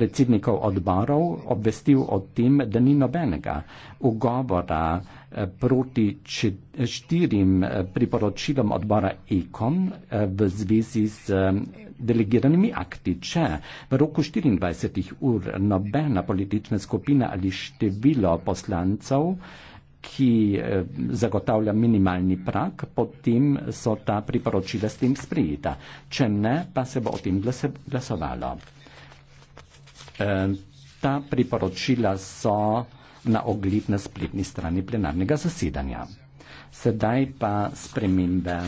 predsednikov odborov obvestil o tem, da ni nobenega ugovora eh, proti štirim eh, priporočilom odbora EKOM eh, v zvezi z delegiranimi akti. Če v roku 24 ur nobena politična skupina ali število poslancev ki zagotavlja minimalni prak, potem so ta priporočila s tem sprejeta. Če ne, pa se bo o tem glasovalo. Eh, ta priporočila so na ogled na spletni strani plenarnega zasedanja. Sedaj pa spremembe.